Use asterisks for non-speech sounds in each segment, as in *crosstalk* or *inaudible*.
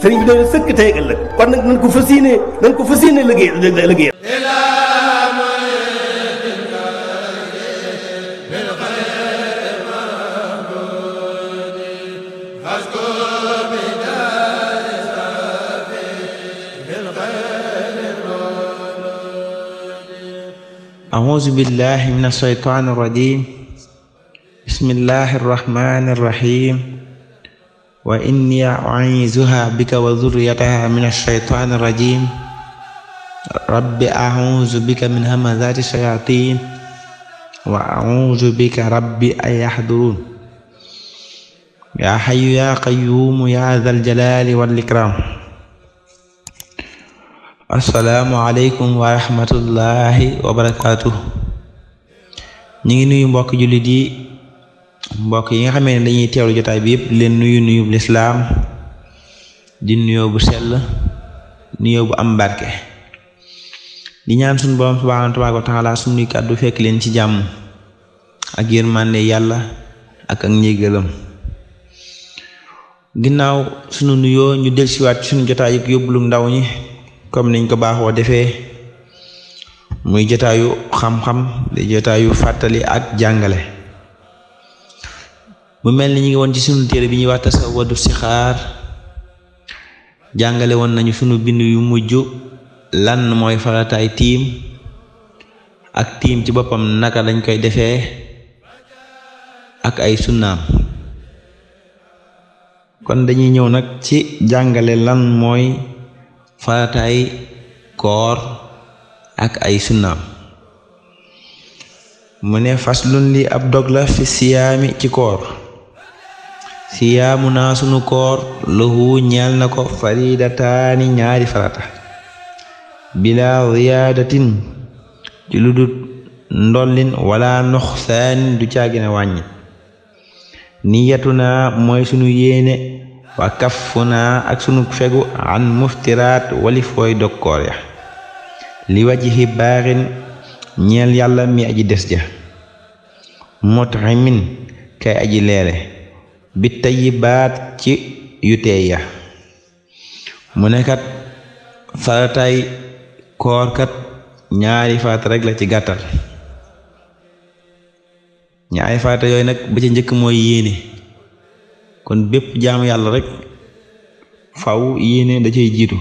sëriñ bi dañu sëkk tey ak ëllëg kon nag nañ ko fas yéene nañ ko fas yéene liggéey liggéey أعوذ بالله من الشيطان الرجيم بسم الله الرحمن الرحيم wa inni u'iizuha bika wa dhurriyyataha min ash-shaytaani rajiim rabbi a'uuzu bika min hamazaati shayaatiin wa a'uuzu bika rabbi an yahduruun yaa hayyu yaa qayyuum yaa dhal jalaali wal ikraam assalaamu aleykum wa rahmatullaahi wa barakaatuh ñu ngi nuyu mbokk jullit yi mbokk yi nga xamee ne dañuy teelu jotaay bi yëpp leen nuyu nuyu bu lislaam di nuyoo bu sell nuyoo bu am barke di ñaan suñu borom subhaanahu wa taala suñuy kàddu fekk leen ci jàmm ak yërmande yàlla ak ak njéggalam ginnaaw suñu nuyoo ñu delsiwaat suñu jotaay yi yóbbulu ndaw ñi comme niñ ko baaxoo defee muy jotaayu xam-xam di jotaayu fàttali ak jàngale mu mel ni ñu ngi woon ci sunu téere bi ñuy wax tasawadu sixaar jàngale woon nañu sunu bind yu mujj lan mooy farataay tiim ak tiim ci boppam naka lañ koy defee ak ay sunnaam kon dañuy ñëw nag ci jàngale lan mooy farataay koor ak ay sunnaam mu ne fas faslun li ab dogla la fi siyaami ci koor siyaamu na sunu koor lahu ñeel na ko faridataani ñaari farata bila ziyaadatin ci lu dut ndollin wala noxsaan du caagina wàññi niyatu na mooy sunu yéene wa kafu naa ak sunu fegu an muftiraat wali fooy dokkoor ya li wajhi baaxin ñeel yàlla mi aji des ja mut'imin kay aji leele bi baat ci yu ya mu nekkat farataay koorkat ñaari farata rek la ci gàttal ñaari farata yooyu nag ba ci njëkk mooy yéene kon bépp jaamu yàlla rek faw yéene da cay jiitu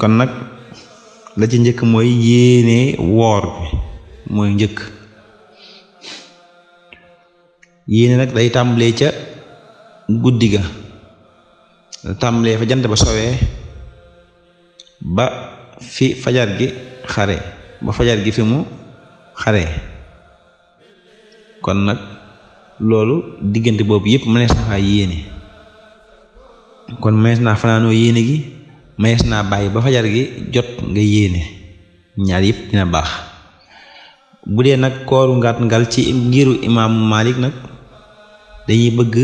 kon nag la ci njëkk mooy yéene woor mooy njëkk yéene nag day tàmbalee ca guddi ga tàmbalee fa jant ba sowee ba fi fajar gi xare ba fajar gi fi mu xare kon nag loolu diggante boobu yépp mënees na faa yéene kon mënees naa fanaanoo yéene gi mënees naa bàyyi ba fajar gi jot nga yéene ñaar yépp dina baax bu dee nag kooru ngaat ngal ci ngiru imaamu Malik nag dañuy bëgg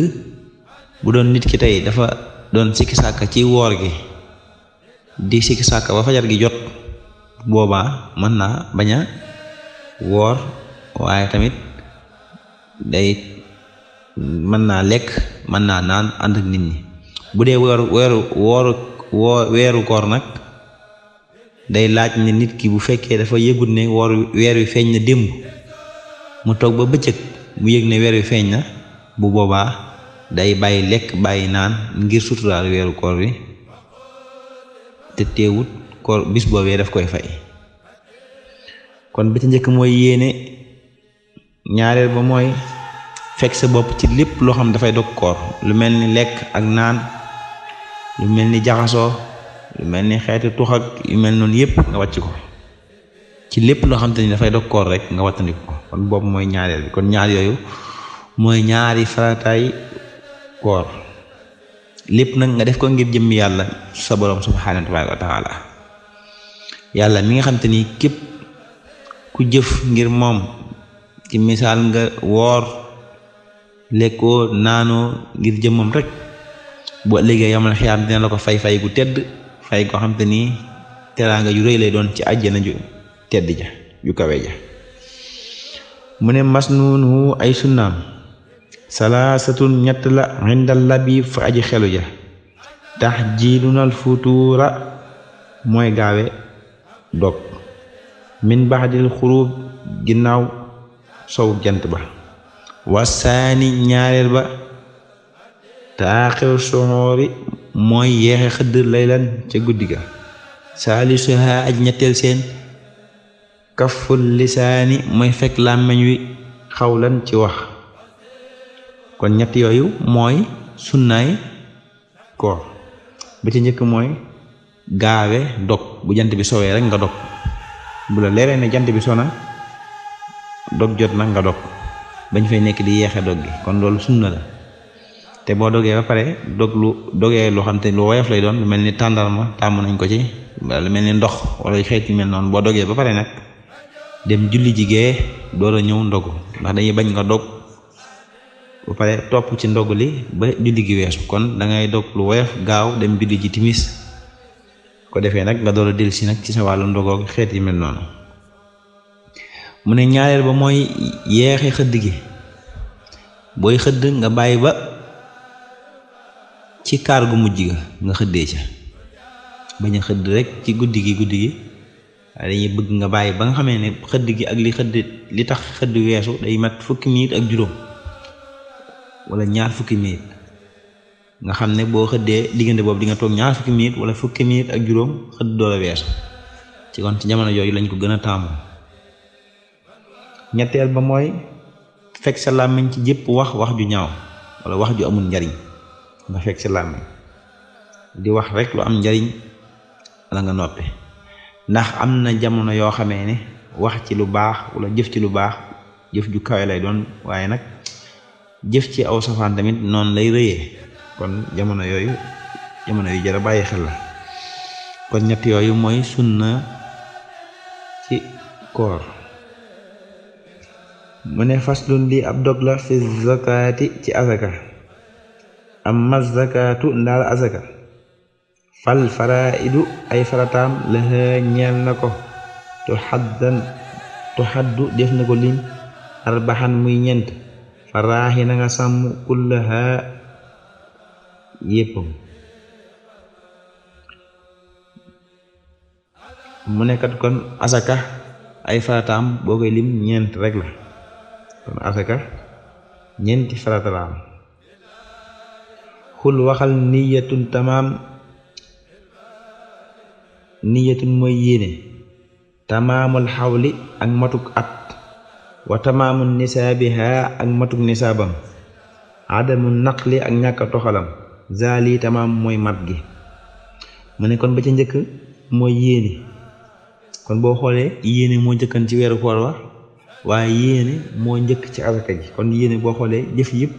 bu doon nit ki tey dafa doon sikki sàkka ci woor gi di sikki sàkka ba fajar gi jot boobaa mën naa baña woor waaye tamit day mën naa lekk mën naa naan ànd nit ñi bu dee weeru weeru wooru weeru koor nag day laaj ne nit ki bu fekkee dafa yëgut ne woor weer wi feeñ na démb mu toog ba bëccëg mu yëg ne weer wi feeñ na bu boobaa day bàyyi lekk bàyyi naan ngir suturaal weeru koor wi te teewut koor bis boobee daf koy fay kon bi ci njëkk mooy yéene ñaareel ba mooy fekk sa bopp ci lépp loo xam dafay dog koor lu mel ni lekk ak naan lu mel ni jaxasoo lu mel ni xeeti tux ak yu mel noonu yépp nga wàcc ko ci lépp loo xam te ni dafay dog koor rek nga wattandiku ko kon boobu mooy ñaareel bi kon ñaar yooyu mooy ñaari farataay koor lépp nag nga def ko ngir jëmm yàlla sa boroom subhaanahu wa taala yàlla mi nga xam te ni képp ku jëf ngir moom ci misaal nga woor lekkoo naanoo ngir jëmmam rek boo ëllëgee yamal xiyaam dina la ko fay fay gu tedd fay koo xam te ni teraanga yu réy lay doon ci àjjana ju tedd ja ju kawe ja mu ne mas nuunu ay sunnaam salaasatun ñett la indal labib fa aji xelu ja tax jiilunal futuura mooy gaawe dog min baxdil xuruub ginnaaw sow jant ba wasaani ñaareel ba taaxir soxoori mooy yeexe xëdd laylan ca guddi ga saalisuha aj ñetteel seen kaful lisaani mooy fekk làmmiñ wi xaw xawlan ci wax kon ñett yooyu mooy sunnaay koor ba ci njëkk mooy gaawe dog bu jant bi sowee rek nga dog bu la leeree ne jant bi na dog jot na nga dog bañ fay nekk di yeexe dog gi kon loolu sunna la te boo dogee ba pare dog lu dogee loo xam te lu woyof lay doon lu mel ni tàndarma tàmm nañ ko ci wala lu mel ni ndox walla xeet yu mel noonu boo dogee ba pare nag dem julli jigee door a ñëw ndogu ndax dañuy bañ nga dog bu pare topp ci ndog li ba juddi gi weesu kon dangay dog lu woyof gaaw dem julli ji timis ko defee nag nga door a dellusi nag ci sa wàllu ndogoo xeet yi mel noonu mu ne ñaareel ba mooy yeexe xëdd gi booy xëdd nga bàyyi ba ci kaar gu mujj ga nga xëddee ca bañ a xëdd rek ci guddi gi guddi gi dañuy bëgg nga bàyyi ba nga xamee ne xëdd gi ak li xëdd li tax xëdd weesu day mat fukki minit ak juróom wala ñaar fukki minute nga xam ne boo xëddee diggante boobu di nga toog ñaar fukki minute wala fukki minute ak juróom xëdd doola weesu ci kon ci jamono yooyu lañ ko gën a taamu ñetteel ba mooy fekk sa làmmiñ ci jëpp wax wax ju ñaaw wala wax ju amul njariñ nga fekk sa làmmiñ di wax rek lu am njariñ walla nga noppe ndax am na jamono yoo xamee ne wax ci lu baax wala jëf ci lu baax jëf ju kawe lay doon waaye nag jëf ci aw safaan tamit noonu lay rëyee kon jamono yooyu jamono yu jara bàyyi xel la kon ñett yooyu mooy sunna ci koor mu ne faslun lii ab dog la fi zakaati ci azaka am zakaatu ndaal azaka fal faraidu ay farataam laxa ñeel na ko tu def na ko lim arbaxan muy ñent faraaxi nga sàmm kullaha yéppam mu nekkat kon asaka ay farataam boo ñeent rek la kon asaka ñeenti farata la am xul waxal niyatun tamaam niyatun mooy yéene tamaamul xawli ak matuk at wa tamaamu nisaabiha ak matuk nisaabam adamu li ak ñàkk a toxalam zaali tamaam mooy mat gi mu ne kon ba ca njëkk mooy yéene kon boo xoolee yéene moo njëkkan ci weeru koor wa waaye yéene moo njëkk ci asaka ji kon yéene boo xoolee jëf yëpp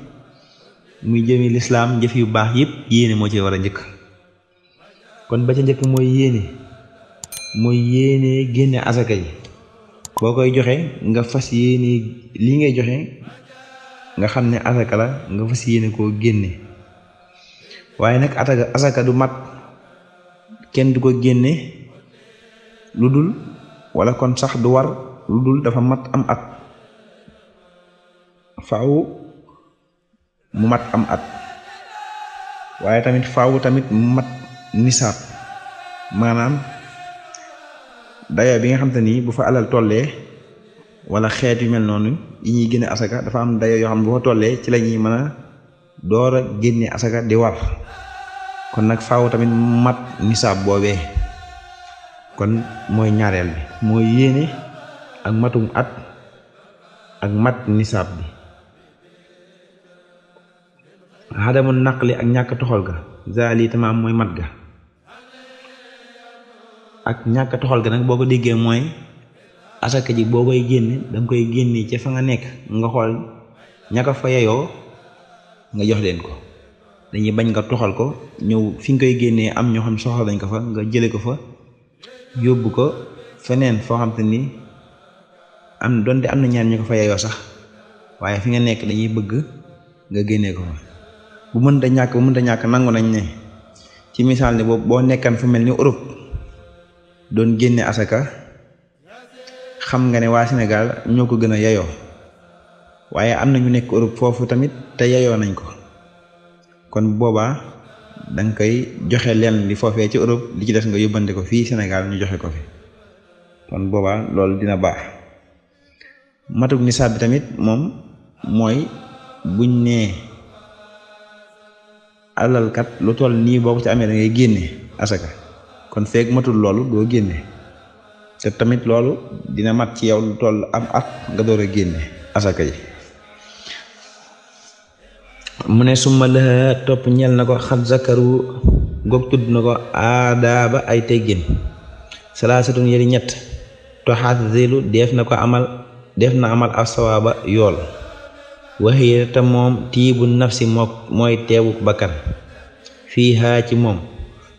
muy jëmi lislaam jëf yu baax yëpp yéene moo ci war a njëkk kon ba ca njëkk mooy yéene mooy yéene génne asaka ji boo koy joxe nga fas yéene lii ngay joxe nga xam ne asaka la nga yéene koo génne waaye nag ataka asaka mat kenn du ko génne lu dul wala kon sax du war lu dul dafa mat am at faaw mu mat am at waaye tamit faaw tamit mu mat nisaab maanaam dayoo bi nga xam te nii bu fa alal tollee wala xeet yu mel noonu yi ñuy génne asaka dafa am dayoo yoo xam ne bu fa tollee ci la ñuy mën a door a génne asaka di war kon nag faaw tamit mat nisaab boobee kon mooy ñaareel bi mooy yéene ak matum at ak mat nisaab bi xadamu naqli ak ñàkk toxal ga zaali tamaam mooy mat ga ak ñàkk toxal ga nag boo ko déggee mooy asaka ji boo koy génne danga koy génne ca fa nga nekk nga xool ñaka fa yeyoo nga jox leen ko dañuy bañ nga toxal ko ñëw fi nga koy génnee am ñoo xam soxla dañ ko fa nga jële ko fa yóbbu ko feneen foo xam ni am donte am na ñaar ñu ko sax waaye fi nga nekk dañuy bëgg nga génne ko fa bu mënta ñàkk bu mënta ñàkk nangu nañ ne ci misaal ni boobu boo nekkan fu mel ni Europe doon génne asaka xam nga ne waa Sénégal ñoo ko gën a yayoo waaye am na ñu nekk Europe foofu tamit te yayoo nañ ko kon boobaa danga koy joxe leen li foofee ci Europe li ci des nga yóbbante ko fii Sénégal ñu joxe ko fi kon boobaa loolu dina baax matug nisaab bi tamit moom mooy buñ nee alalkat lu toll nii boo ko ci amee dangay génne asaka kon feeg matul loolu doo génne te tamit loolu dina mat ci yow lu toll am at nga door a génne asaka yi mu ne suma la topp ñel na ko xat zakaru goog tudd na ko aadaaba ay teggin salaasatun yëri ñett def na ko amal def na amal asawaaba yool waxiye te moom tiibu nafsi mooy teewu bakkan fii haa ci moom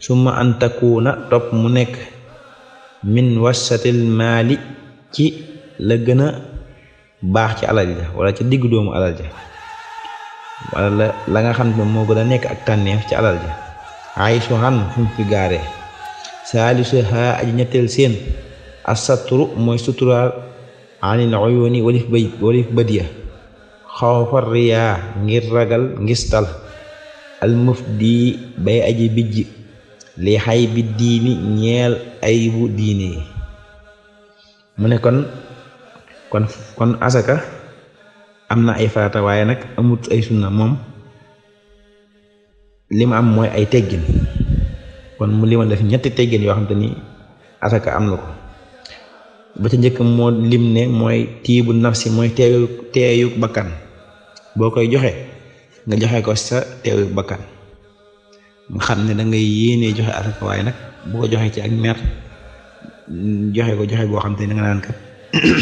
summa an takuuna topp mu nekk min wasatil maali ci la gën a baax ci alal ja wala ci diggu doomu alal ja wala la nga xam ne moo gën a nekk ak tànneef ci alal ja ay su xan fu fi gaaree saalisu haa aji ñetteel seen asatru mooy suturaal anil uyuni walif bay walif badiya xawfar riyaa ngir ragal ngistal al mufdi bay aji bijji li xay bi diini ñeel ayibu diine yi mu ne kon kon asaka am na ay farata waaye nag amut ay sunna moom li ma am mooy ay teggin kon mu li def ñetti teggin yoo xam ni asaka am na ko ba ca njëkk moo lim ne mooy tiibu nafsi mooy teeyu teeyu bakkan boo koy joxe nga joxe ko sa teeyu bakkan nga xam ne dangay yéene joxe asaka waaye nag bu ko joxe ci ak mer joxe ko joxe boo xam te da nga naan kat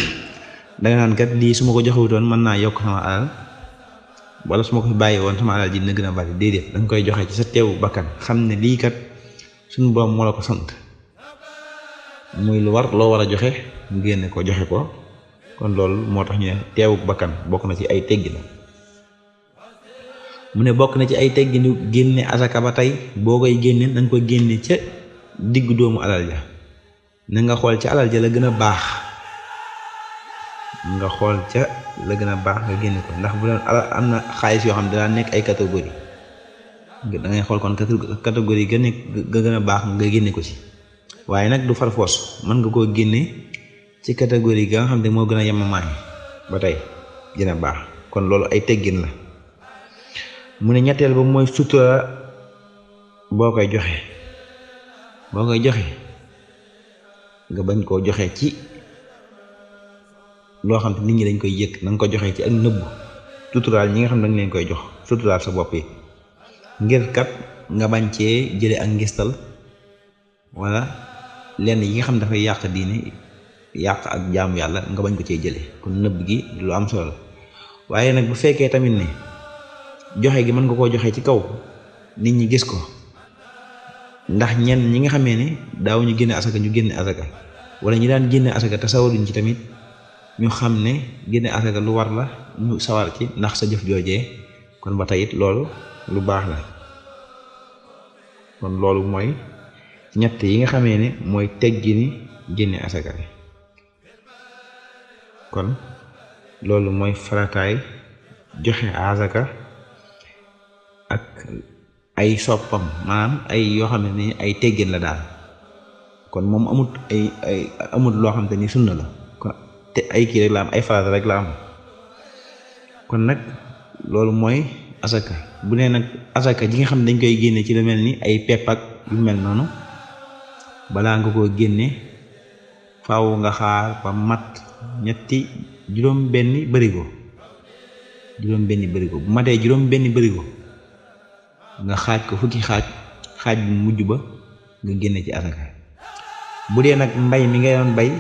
*coughs* da naan kat lii su ma ko joxewutoon mën naa yokk sama alal wala su ma ko fi bàyyi woon sama alal ji dina gën a bari déedéet da koy joxe ci sa teewu bakkan xam ne lii kat suñu borom moo la ko sant muy lu war loo war a joxe mu génne ko joxe ko kon loolu moo tax ñu ne teewu bakkan bokk na ci ay teggi la mu ne bokk na ci ay tegginu génne asaka ba tey boo koy génne danga ko génne ca diggu doomu alal ja na nga xool ca alal ja la gën a baax nga xool ca la gën a baax nga génne ko ndax bu doon alal am na xaalis yoo xam ne danaa nekk ay catégorie da ngay xool kon catégorie ga nekk ga gën a baax nga génne ko ci waaye nag du farfoos mën nga koo génne ci catégorie ga nga xam ne moo gën a yemamaay ba tey gën a baax kon loolu ay teggin la mu ne ñetteel ba mooy sutura boo koy joxe boo koy joxe nga bañ koo joxe ci loo xam nit ñi dañ koy yëg na ko joxe ci ak nëbbu suturaal ñi nga xam ne dañ leen koy jox suturaal sa bopp yi ngir kat nga bañ cee jële ak ngistal wala lenn yi nga xam dafay yàq diine yàq ak jaamu yàlla nga bañ ko cee jële kon nëbb gi lu am solo waaye nag bu fekkee tamit ne joxe gi man nga koo joxe ci kaw nit ñi gis ko ndax ñenn ñi nga xamee ne daaw ñu génne asaka ñu génne asaka wala ñi daan génne asaka te sawaruñ ci tamit ñu xam ne génne asaka lu war la ñu sawar ci ndax sa jëf joojee kon ba tey it loolu lu baax la kon loolu mooy ñett yi nga xamee ne mooy teggini génne asaka kon loolu mooy farataay joxe asaka ay soppam maanaam ay yoo xam ne ni ay teggin la daal kon moom amut ay ay amut loo xam ni sunna la kon te ay kii rek la am ay farata rek la am kon nag loolu mooy asaka bu nee nag asaka ji nga xam ne dañ koy génne ci lu mel ni ay pepp ak yu mel noonu balaa nga koo génne faaw nga xaar ba mat ñetti juróom benni bërigo juróom benni bërigo bu matee juróom benni bërigo nga xaaj ko fukki xaaj xaaj bu mujj ba nga génne ci asaka bu dee nag mbay mi nga doon bay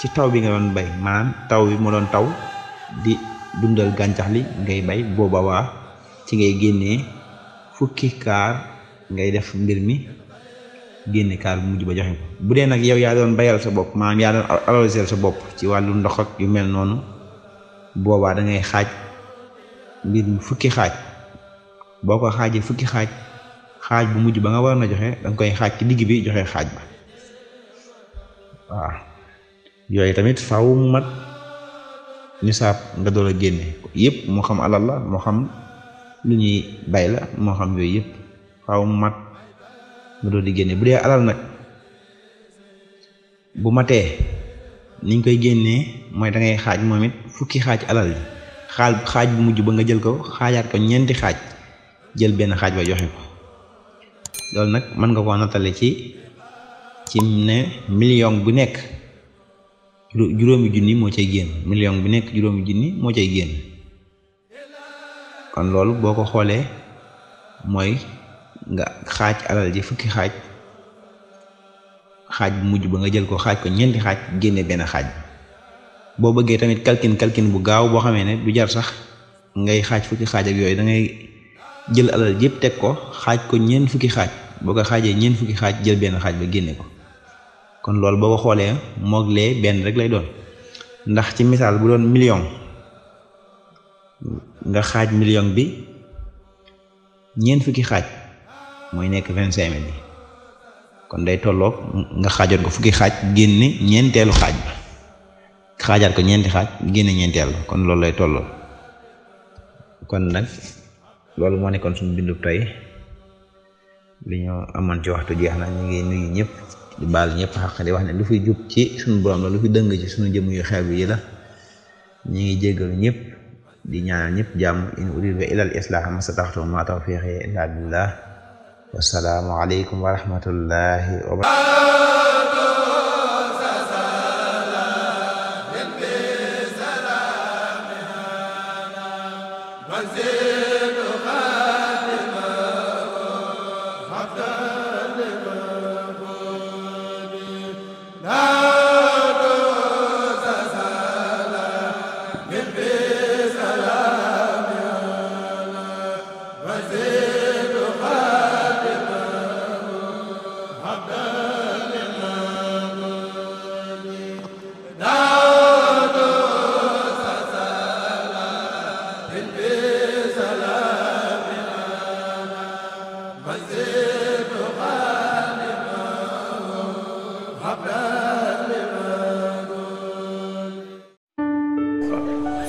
ci taw bi nga doon bay maanaam taw bi mu doon taw di dundal gàncax li ngay bay booba waa ci ngay génnee fukki kaar ngay def mbir mi génne kaar bu mujj ba joxe ko bu dee nag yow yaa doon bayal sa bopp maanaam yaa doon arroser sa bopp ci wàllu ndox ak yu mel noonu boobaa dangay xaaj mbir mi fukki xaaj boo ko xaajee fukki xaaj xaaj bu mujj ba nga war na joxe danga koy xaaj ki digg bi joxe xaaj ba waaw yooyu tamit faaw mat ñu saab nga door a génne yëpp moo xam alal la moo xam lu ñuy bay la moo xam yooyu yëpp faaw mu mat nga door di génne bu dee alal nag bu matee ni koy génnee mooy da ngay xaaj moom it fukki xaaj alal yi xaal xaaj bu mujj ba nga jël ko xaajaat ko ñeenti xaaj jël benn xaaj ba joxe ko loolu nag mën nga koo nattale ci ci ne million bu nekk juróomi junni moo cay génn million bu nekk juróomi junni moo cay génn kon loolu boo ko xoolee mooy nga xaaj alal ji fukki xaaj xaaj bu mujj ba nga jël ko xaaj ko ñeenti xaaj génne benn xaaj boo bëggee tamit kalkin kalkin bu gaaw boo xamee ne du jar sax ngay xaaj fukki xaaj yooyu dangay jël alal yépp teg ko xaaj ko ñeent fukki xaaj boo ko xaajee ñeent fukki xaaj jël benn xaaj ba génne ko kon loolu boo ko xoolee moog lee benn rek lay doon ndax ci misaal bu doon million nga xaaj million bi ñeent fukki xaaj mooy nekk vingt cinq mille bi kon day tollook nga xaajoon ko fukki xaaj génne ñeenteelu xaaj ba xaajaat ko ñeenti xaaj génne ñeenteel kon loolu lay tolloo kon nag loolu moo nekkoon suñu bindu tey li ñu amoon ci waxtu jeex na ñu ngi nuyu ñëpp di baal ñëpp xaq wax ne lu fi jub ci suñu borom la lu fi dëng ci suñu jëm yu xeeb yi la ñu ngi jéggalu ñëpp di ñaanal ñëpp jàmm in uridu ilal islaaha masataxtu ma tawfiqi illa billah wasalaamu aleykum wa rahmatullahi wa